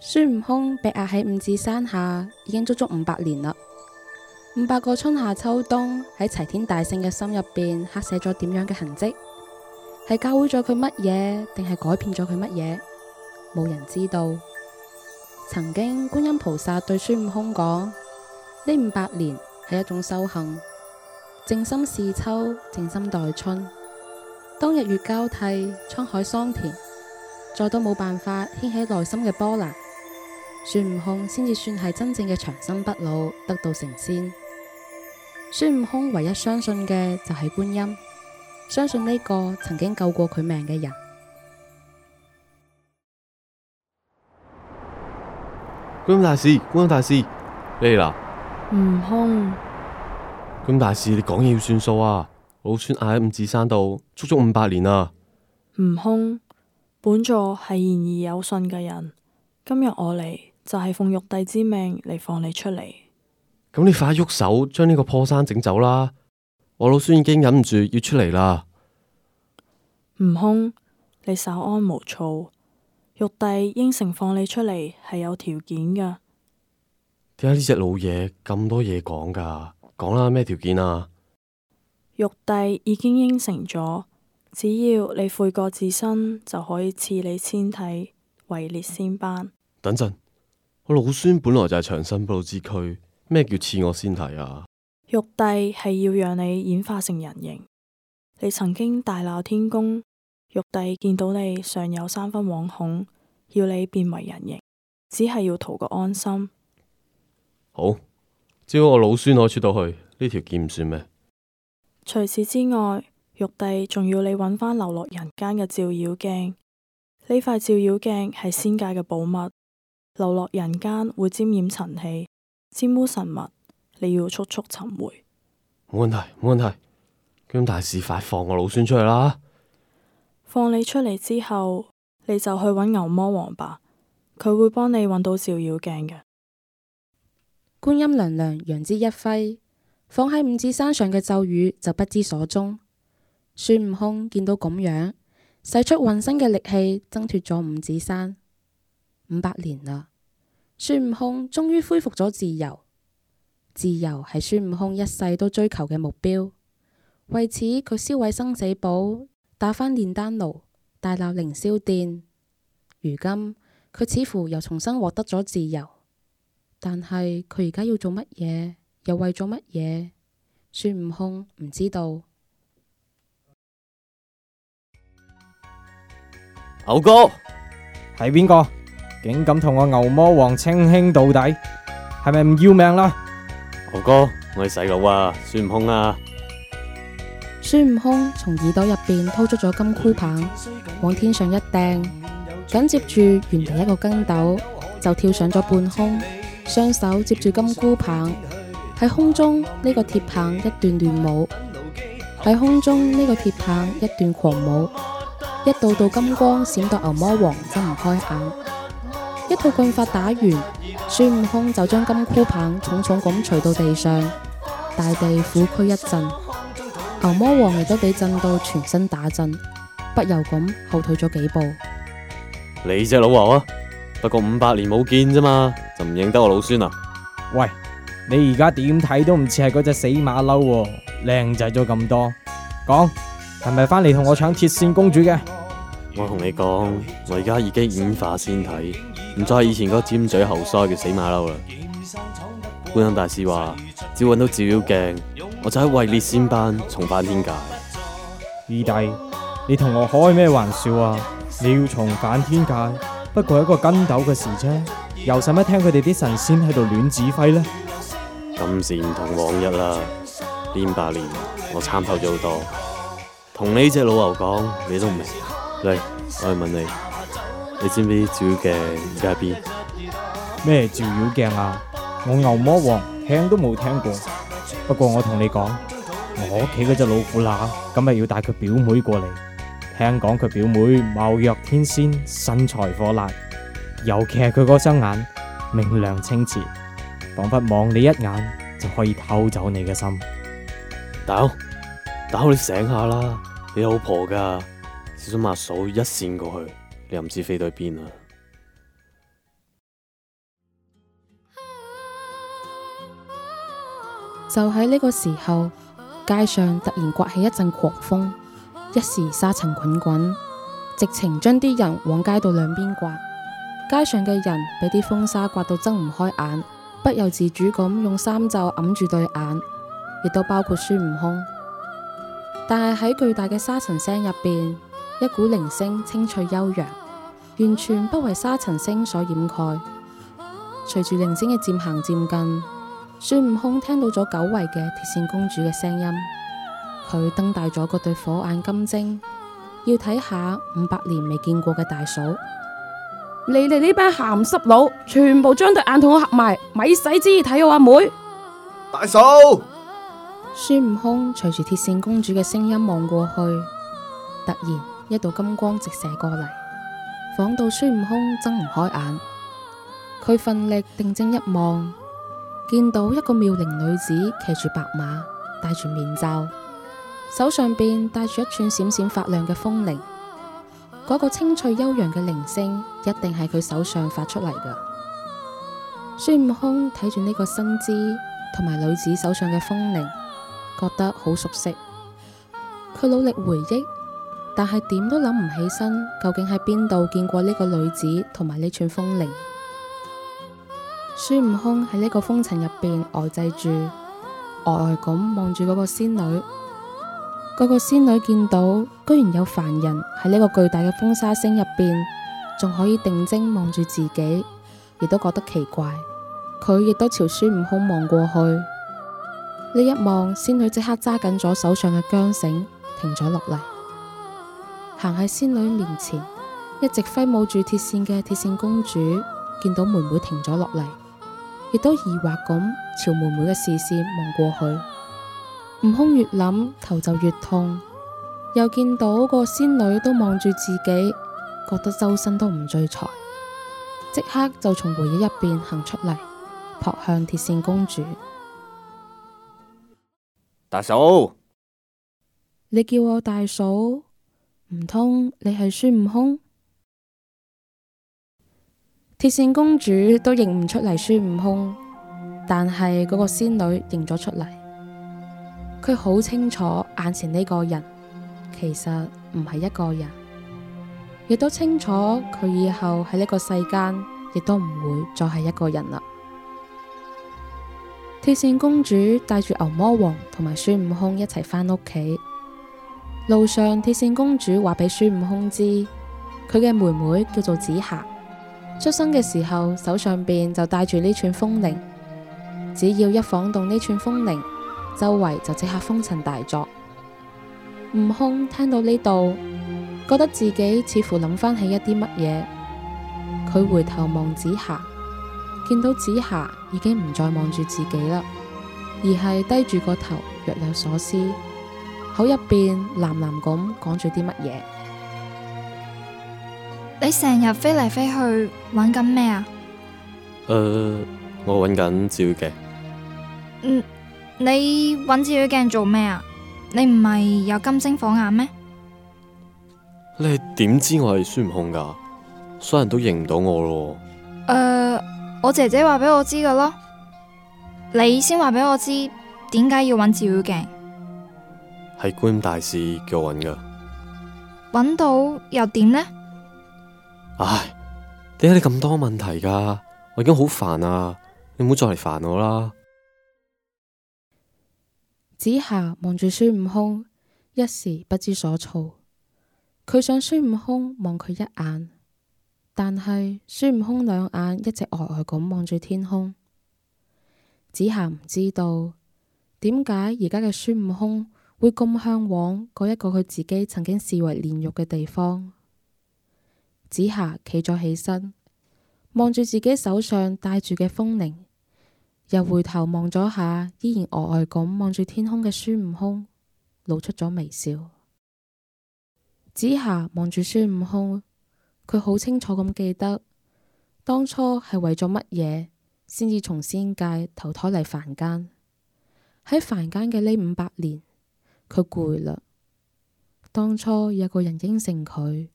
孫悟空被壓喺五指山下，已經足足五百年啦。五百個春夏秋冬，喺齊天大聖嘅心入邊，刻寫咗點樣嘅痕跡？係教會咗佢乜嘢，定係改變咗佢乜嘢？冇人知道。曾經觀音菩薩對孫悟空講：呢五百年係一種修行，靜心視秋，靜心待春，當日月交替，滄海桑田，再都冇辦法掀起內心嘅波瀾。孫悟空先至算係真正嘅長生不老，得道成仙。孫悟空唯一相信嘅就係觀音，相信呢個曾經救過佢命嘅人。觀音大師，空觀音大師，你嚟啦！悟空，觀音大師，你講嘢要算數啊！老孫挨喺五指山度足足五百年啦。悟空，本座係言而有信嘅人，今日我嚟。就係奉玉帝之命嚟，放你出嚟。咁你快喐手，將呢個破山整走啦！我老孫已經忍唔住要出嚟啦。悟空，你稍安無躁。玉帝應承放你出嚟係有條件噶。點解呢隻老嘢咁多嘢講噶？講啦，咩條件啊？玉帝已經應承咗，只要你悔過自身，就可以賜你仙體，位列仙班。等陣。我老孫本來就係長生不老之軀，咩叫賜我仙體啊？玉帝係要讓你演化成人形。你曾經大鬧天宮，玉帝見到你尚有三分惶恐，要你變為人形，只係要圖個安心。好，只要我老孫可以出到去，呢條劍算咩。除此之外，玉帝仲要你搵返流落人間嘅照妖鏡。呢塊照妖鏡係仙界嘅寶物。流落人間會沾染塵氣，沾污神物，你要速速尋回。冇問題，冇問題，咁大事快放我老孫出去啦！放你出嚟之後，你就去揾牛魔王吧，佢會幫你揾到照妖鏡嘅。觀音娘娘揚之一揮，放喺五指山上嘅咒語就不知所蹤。孫悟空見到咁樣，使出渾身嘅力氣掙脫咗五指山。五百年啦，孫悟空終於恢復咗自由。自由係孫悟空一世都追求嘅目標。為此，佢燒毀生死簿，打翻煉丹爐，大鬧凌霄殿。如今，佢似乎又重新獲得咗自由，但係佢而家要做乜嘢，又為咗乜嘢？孫悟空唔知道。牛哥，係邊個？竟敢同我牛魔王稱兄道弟，係咪唔要命啦？牛哥，我係細佬啊，孫悟空啊！孫悟空從耳朵入邊掏出咗金箍棒，往天上一掟，緊接住原地一個筋斗就跳上咗半空，雙手接住金箍棒，喺空中呢個鐵棒一段亂舞，喺空中呢個鐵棒一段狂舞，一道道金光閃到牛魔王睜唔開眼。一套棍法打完，孫悟空就將金箍棒重重咁錘到地上，大地虎軀一震，牛魔王亦都俾震到全身打震，不由咁後退咗幾步。你隻老牛啊，不過五百年冇見啫嘛，就唔認得我老孫啊？喂，你而家點睇都唔似係嗰隻死馬騮，靚仔咗咁多，講，係咪翻嚟同我搶鐵扇公主嘅？我同你講，我而家已經演化仙體。唔再係以前嗰個尖嘴猴腮嘅死馬騮啦！觀音大師話，只要搵到照妖鏡，我就喺位列仙班，重返天界。二弟，你同我開咩玩笑啊？你要重返天界，不過一個筋斗嘅事啫，又使乜聽佢哋啲神仙喺度亂指揮呢？今時唔同往日啦，千百年，年我參透咗好多，同呢隻老牛講你都唔明，嚟，我問你。你知唔知照妖鏡喺邊？咩照妖鏡啊？我牛魔王聽都冇聽過。不過我同你講，我屋企嗰隻老虎乸今日要帶佢表妹過嚟。聽講佢表妹貌若天仙，身材火辣，尤其係佢嗰雙眼明亮清澈，仿佛望你一眼就可以偷走你嘅心。豆，豆你醒下啦，你老婆㗎，小心把嫂一扇過去。你又唔知飛到去邊啊？就喺呢個時候，街上突然刮起一陣狂風，一時沙塵滾滾，直情將啲人往街道兩邊刮。街上嘅人俾啲風沙刮到睜唔開眼，不由自主咁用衫袖揞住對眼，亦都包括孫悟空。但係喺巨大嘅沙塵聲入邊，一股鈴聲清脆悠揚。完全不為沙塵聲所掩蓋。隨住鈴聲嘅漸行漸近，孫悟空聽到咗久違嘅鐵扇公主嘅聲音。佢瞪大咗嗰對火眼金睛，要睇下五百年未見過嘅大嫂。你哋呢班鹹濕佬，全部將對眼同我合埋，咪使知睇我阿妹大嫂。孫悟空隨住鐵扇公主嘅聲音望過去，突然一道金光直射過嚟。講到孫悟空睜唔開眼，佢奮力定睛一望，見到一個妙齡女子騎住白馬，戴住面罩，手上邊戴住一串閃閃發亮嘅風鈴。嗰個清脆悠揚嘅鈴聲，一定係佢手上發出嚟嘅。孫悟空睇住呢個身姿同埋女子手上嘅風鈴，覺得好熟悉。佢努力回憶。但係點都諗唔起身，究竟喺邊度見過呢個女子同埋呢串風鈴？孫悟空喺呢個風塵入邊呆滯住，呆呆咁望住嗰個仙女。嗰個仙女見到居然有凡人喺呢個巨大嘅風沙星入邊，仲可以定睛望住自己，亦都覺得奇怪。佢亦都朝孫悟空望過去，呢一望，仙女即刻揸緊咗手上嘅繮繩，停咗落嚟。行喺仙女面前，一直揮舞住鐵扇嘅鐵扇公主見到妹妹停咗落嚟，亦都疑惑咁朝妹妹嘅視線望過去。悟空越諗頭就越痛，又見到個仙女都望住自己，覺得周身都唔聚財，即刻就從回憶入邊行出嚟，撲向鐵扇公主。大嫂，你叫我大嫂？唔通你係孫悟空？鐵扇公主都認唔出嚟孫悟空，但係嗰個仙女認咗出嚟。佢好清楚眼前呢個人其實唔係一個人，亦都清楚佢以後喺呢個世間亦都唔會再係一個人啦。鐵扇公主帶住牛魔王同埋孫悟空一齊翻屋企。路上，鐵扇公主話俾孫悟空知，佢嘅妹妹叫做紫霞，出生嘅時候手上邊就戴住呢串風鈴，只要一晃動呢串風鈴，周圍就即刻風塵大作。悟空聽到呢度，覺得自己似乎諗翻起一啲乜嘢，佢回頭望紫霞，見到紫霞已經唔再望住自己啦，而係低住個頭，若有所思。口入邊喃喃咁講住啲乜嘢？藍藍，你成日飛嚟飛去玩緊咩啊？誒、呃，我搵緊照妖鏡。嗯，你搵照妖鏡做咩啊？你唔係有金睛火眼咩？你係點知我係孫悟空噶？所有人都認唔到我咯。誒、呃，我姐姐話俾我知嘅咯。你先話俾我知，點解要搵照妖鏡？係觀音大士叫我搵噶，搵到又點呢？唉，點解你咁多問題噶、啊？我已經好煩啊！你唔好再嚟煩我啦。紫霞望住孫悟空，一時不知所措。佢想孫悟空望佢一眼，但係孫悟空兩眼一直呆呆咁望住天空。紫霞唔知道點解而家嘅孫悟空。會咁向往嗰一個佢自己曾經視為煉獄嘅地方。紫霞企咗起身，望住自己手上戴住嘅風鈴，又回頭望咗下依然呆呆咁望住天空嘅孫悟空，露出咗微笑。紫霞望住孫悟空，佢好清楚咁記得，當初係為咗乜嘢先至從仙界投胎嚟凡間。喺凡間嘅呢五百年。佢攰啦。當初有個人應承佢，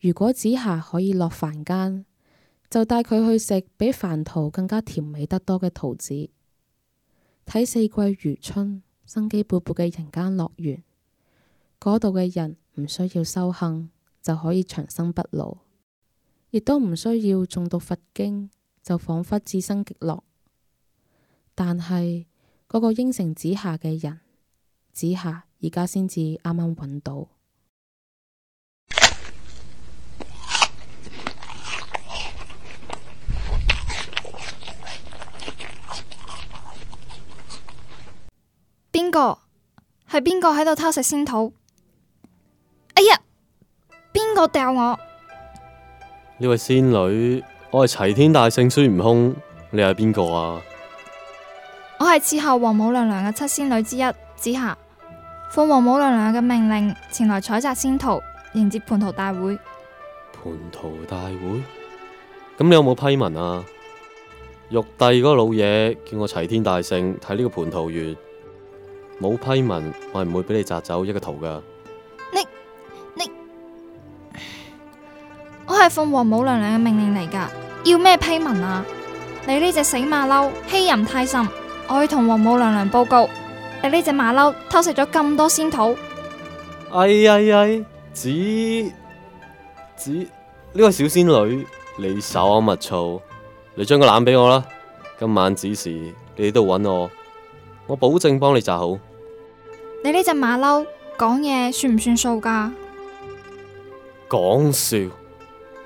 如果紫霞可以落凡間，就帶佢去食比凡桃更加甜美得多嘅桃子，睇四季如春、生機勃勃嘅人間樂園。嗰度嘅人唔需要修行就可以長生不老，亦都唔需要誦讀佛經就仿佛置身極樂。但係嗰個應承紫霞嘅人。之下，而家先至啱啱揾到。邊個？係邊個喺度偷食仙桃？哎呀！邊個掉我？呢位仙女，我係齊天大聖孫悟空，你係邊個啊？我係伺候王母娘娘嘅七仙女之一。之下，奉王母娘娘嘅命令前來採摘仙桃，迎接蟠桃大會。蟠桃大會，咁你有冇批文啊？玉帝嗰個老嘢叫我齊天大聖睇呢個蟠桃園，冇批文，我係唔會俾你摘走一個桃噶。你你，我係奉王母娘娘嘅命令嚟噶，要咩批文啊？你呢隻死馬騮欺人太甚，我要同王母娘娘報告。你呢隻馬騮偷食咗咁多仙桃？哎呀、哎、呀、哎，紫紫呢、這個小仙女，你稍安勿躁，你將個籃俾我啦。今晚子時你喺度搵我，我保證幫你摘好。你呢隻馬騮講嘢算唔算數噶？講笑，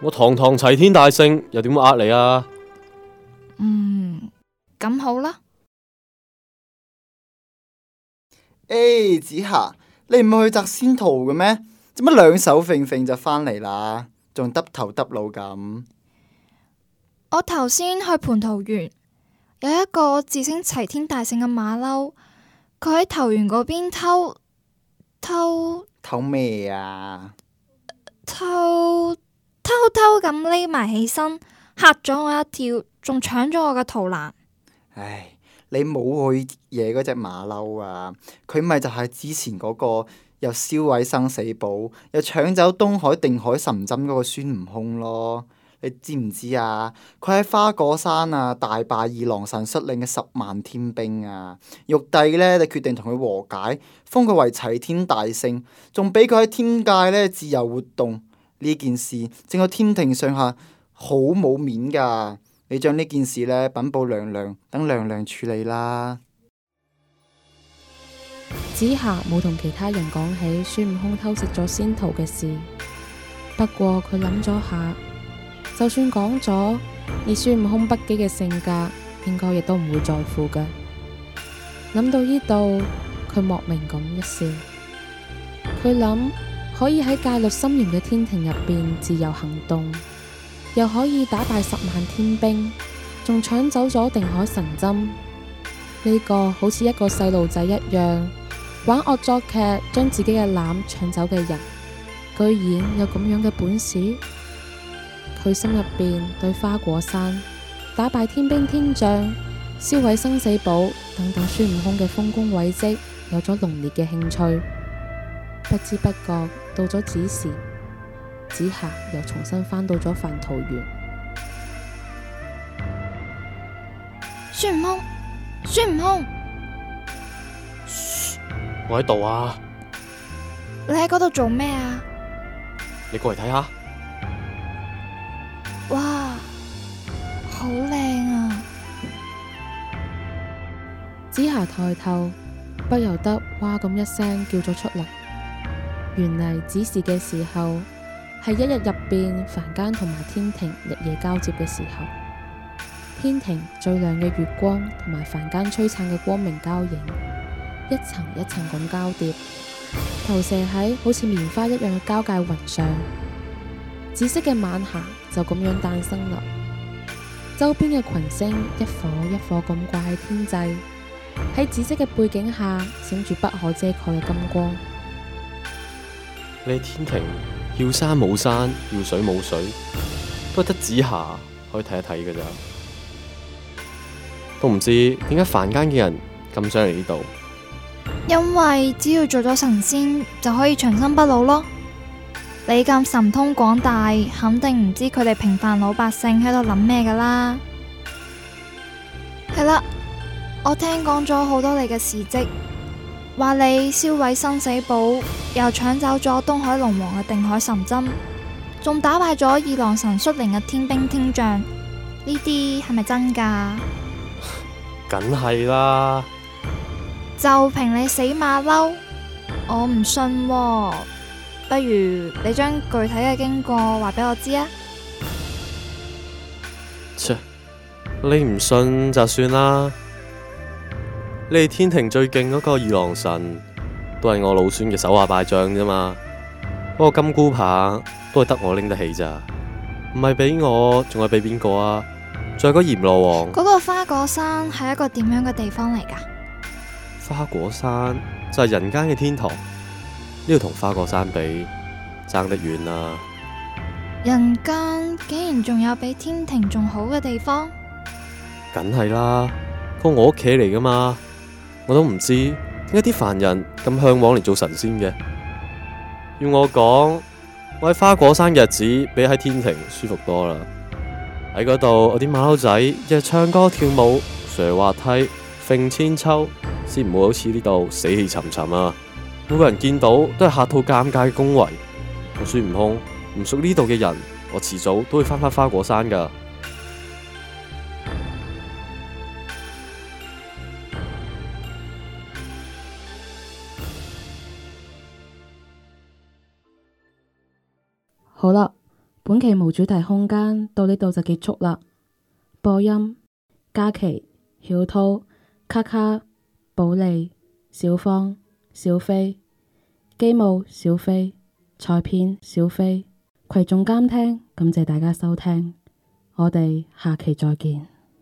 我堂堂齊天大聖又點會呃你啊？嗯，咁好啦。哎，紫霞，你唔係去摘仙桃嘅咩？做乜兩手揈揈，就返嚟啦？仲耷頭耷腦咁。我頭先去蟠桃園，有一個自稱齊天大聖嘅馬騮，佢喺桃園嗰邊偷偷偷咩啊偷？偷偷偷咁匿埋起身，吓咗我一跳，仲搶咗我嘅桃籃。唉。你冇去惹嗰隻馬騮啊！佢咪就係之前嗰個又燒毀生死簿，又搶走東海定海神針嗰個孫悟空咯！你知唔知啊？佢喺花果山啊，大敗二郎神率領嘅十萬天兵啊！玉帝咧就決定同佢和解，封佢為齊天大聖，仲俾佢喺天界咧自由活動。呢件事整個天庭上下好冇面噶～你將呢件事呢禀報娘娘，等娘娘處理啦。紫霞冇同其他人講起孫悟空偷食咗仙桃嘅事，不過佢諗咗下，就算講咗，以孫悟空不羈嘅性格，應該亦都唔會在乎嘅。諗到呢度，佢莫名咁一笑，佢諗可以喺戒律森嚴嘅天庭入邊自由行動。又可以打敗十萬天兵，仲搶走咗定海神針，呢個好似一個細路仔一樣玩惡作劇，將自己嘅籃搶走嘅人，居然有咁樣嘅本事，佢心入邊對花果山打敗天兵天將、銷毀生死簿等等孫悟空嘅豐功偉績，有咗濃烈嘅興趣，不知不覺到咗子時。紫霞又重新返到咗蟠桃園。孫悟空，孫悟空，噓，我喺度啊！你喺嗰度做咩啊？你過嚟睇下。哇，好靚啊！紫霞抬頭，不由得哇咁一聲叫咗出嚟。原嚟指示嘅時候。係一日入面，凡間同埋天庭日夜交接嘅時候，天庭最亮嘅月光同埋凡間璀璨嘅光明交映，一層一層咁交疊，投射喺好似棉花一樣嘅交界雲上，紫色嘅晚霞就咁樣誕生啦。周邊嘅群星一火一火，一顆一顆咁掛喺天際，喺紫色嘅背景下閃住不可遮蓋嘅金光。你天庭？要山冇山，要水冇水，都係得紫霞可以睇一睇嘅咋。都唔知點解凡間嘅人咁想嚟呢度。因為只要做咗神仙，就可以長生不老咯。你咁神通廣大，肯定唔知佢哋平凡老百姓喺度諗咩噶啦。係啦，我聽講咗好多你嘅事蹟。話你燒毀生死簿，又搶走咗東海龍王嘅定海神針，仲打敗咗二郎神率領嘅天兵天將，呢啲係咪真噶？梗係啦！就憑你死馬騮，我唔信喎。不如你將具體嘅經過話俾我知啊！切，你唔信就算啦。你哋天庭最勁嗰個二郎神，都係我老孫嘅手下敗將啫嘛。嗰、那個金箍棒都係得我拎得起咋，唔係畀我，仲係畀邊個啊？仲有個閻羅王。嗰個花果山係一個點樣嘅地方嚟噶？花果山就係、是、人間嘅天堂，呢度同花果山比，差得遠啦。人間竟然仲有比天庭仲好嘅地方？梗係啦，個我屋企嚟噶嘛。我都唔知點解啲凡人咁向往嚟做神仙嘅。要我講，我喺花果山日子比喺天庭舒服多啦。喺嗰度我啲馬騮仔日日唱歌跳舞，上滑梯，揈千秋，先唔會好似呢度死氣沉沉啊！每個人見到都係客套尷尬恭維。我孫悟空唔屬呢度嘅人，我遲早都會翻返花果山噶。好啦，本期無主題空間到呢度就結束啦。播音：嘉琪、曉濤、咔咔、寶莉、小方、小飛、機務小飛、採編小飛、葵總監聽，感謝大家收聽，我哋下期再見。